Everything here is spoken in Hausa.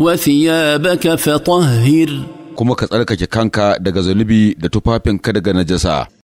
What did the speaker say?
وثيابك فطهر kuma ka tsarkake kanka daga zunubi da tufafinka daga najasa